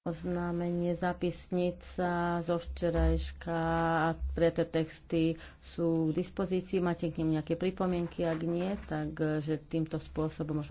Oznámenie zapisnica zo včerajška a tie texty sú k dispozícii. Máte k nim nejaké pripomienky? Ak nie, takže týmto spôsobom môžeme